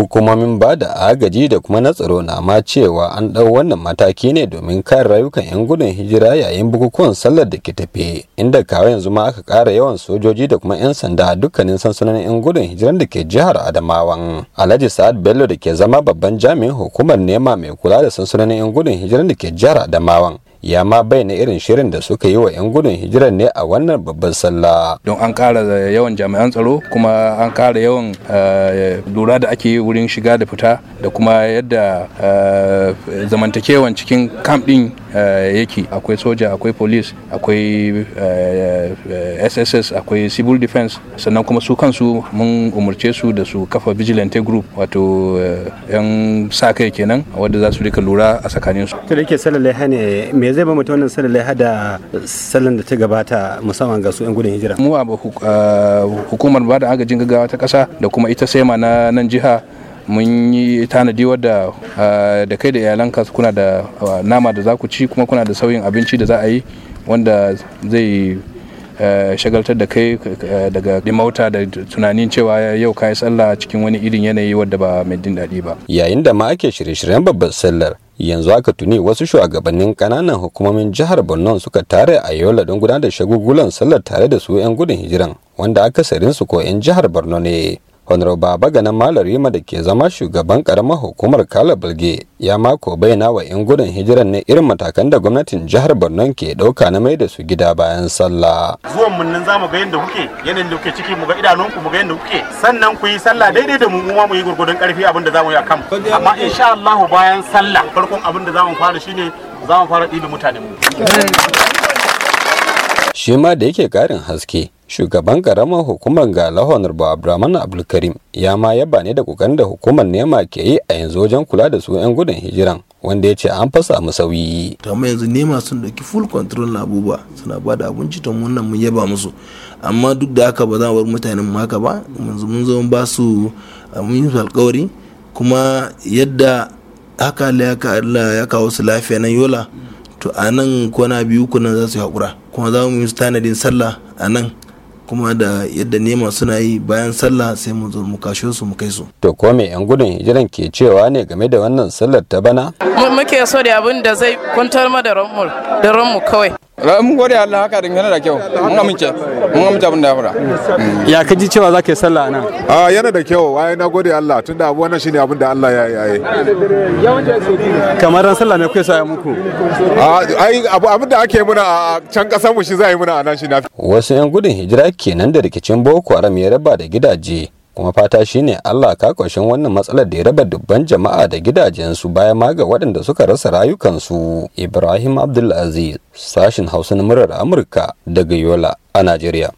hukumomin ba da agaji da kuma na tsaro na ma cewa an ɗau wannan mataki ne domin kare rayukan 'yan gudun hijira yayin bukukuwan sallar da ke tafe inda kawo yanzu ma aka kara yawan sojoji da kuma 'yan sanda a dukkanin sansanonin 'yan gudun hijiran da ke jihar adamawan alhaji sa'ad bello da ke zama babban jami'in hukumar nema mai kula da sansanonin 'yan gudun hijiran da ke jihar adamawan ya ma bayyana irin shirin da suka yi wa 'yan gudun hijirar ne a wannan babban sallah. don an kara yawan jami'an tsaro kuma an kara yawan eh, lura da ake yi wurin shiga da fita da kuma yadda eh, zamantakewan cikin kamp din yake eh, akwai soja akwai police akwai sss eh, eh, akwai civil defense sannan kuma su kansu mun umarce su da su kafa vigilante group wato yan sa kai kenan wadda za su rika lura a tsakanin su to da yake sallar laiha ne me zai ba mutum wannan salar laiha da da ta gabata musamman ga su yan gudun hijira mu a hukumar bada da agajin gaggawa ta kasa da kuma ita sema na nan jiha mun yi tanadi wadda ah, da kai da iyalanka kuna da ah, nama da za ku ci kuma kuna da sauyin abinci da za a yi wanda zai eh, shagaltar da kai eh, daga dimauta da tunanin cewa yau kayi sallah cikin wani irin yanayi wadda ba mai din daɗi ba yayin da ma ake shirye-shiryen babbar sallar yanzu aka tuni wasu shugabannin kananan hukumomin jihar borno suka tare a yau don gudanar da shagugulan sallar tare da su 'yan gudun hijiran wanda aka su ko 'yan jihar borno ne baba ganin malar rima da ke zama shugaban karamar hukumar kala bilge ya mako bayyana wa 'yan gudun hijiran ne irin matakan da gwamnatin jihar borno ke dauka na mai da su gida bayan sallah zuwan mun nan zamu ga yadda kuke yanayin da kuke ciki mu ga idanunku mu ga yadda kuke sannan ku yi sallah daidai da mu kuma mu yi gurgudun karfi abin da zamu yi kam amma insha Allah bayan sallah farkon abin da zamu fara shine zamu fara ɗibi mutane. mu shi ma da yake karin haske shugaban karamar hukumar ga lahonar ba abdulrahman abdulkarim ya ma yaba ne da kokarin da hukumar nema ke yi a yanzu wajen kula da su 'yan gudun hijiran wanda ya ce an fasa mu sauyi. amma yanzu nema sun dauki full control na abubuwa suna ba da abinci ta wannan mun yaba musu amma duk da haka ba za a bar mutanen mu haka ba yanzu mun zo ba su eh, mun yi alkawari kuma yadda haka Allah ya kawo su lafiya nan yola to a nan kwana biyu kunan za su haƙura kuma za mu yi tanadin sallah a nan kuma da yadda nema suna yi bayan sallah sai mu zo mu kashe su mu kai su to ko me yan gudun hijiran ke cewa ne game da wannan sallar ta bana muke so da abin da zai kwantar ma da ranmu da ranmu kawai mun gode Allah haka dangane da kyau mun amince mun amince abin da ya fara ya ka ji cewa zaka yi sallah nan a yana da kyau ai na gode Allah tunda abu wannan shine abin da Allah ya yi kamar ran sallah ne kuke saya muku ai abu abin da ake muna a can kasar mu shi za yi muna a nan shi na wasu yan gudun hijira kenan da rikicin Boko Haram ya raba da gidaje kuma fata shine Allah ka kwashin wannan matsalar da ya raba dubban jama'a da gidajensu bayan ma ga waɗanda suka rasa rayukansu Ibrahim Abdulaziz sashin Hausa na murar Amurka daga Yola a Najeriya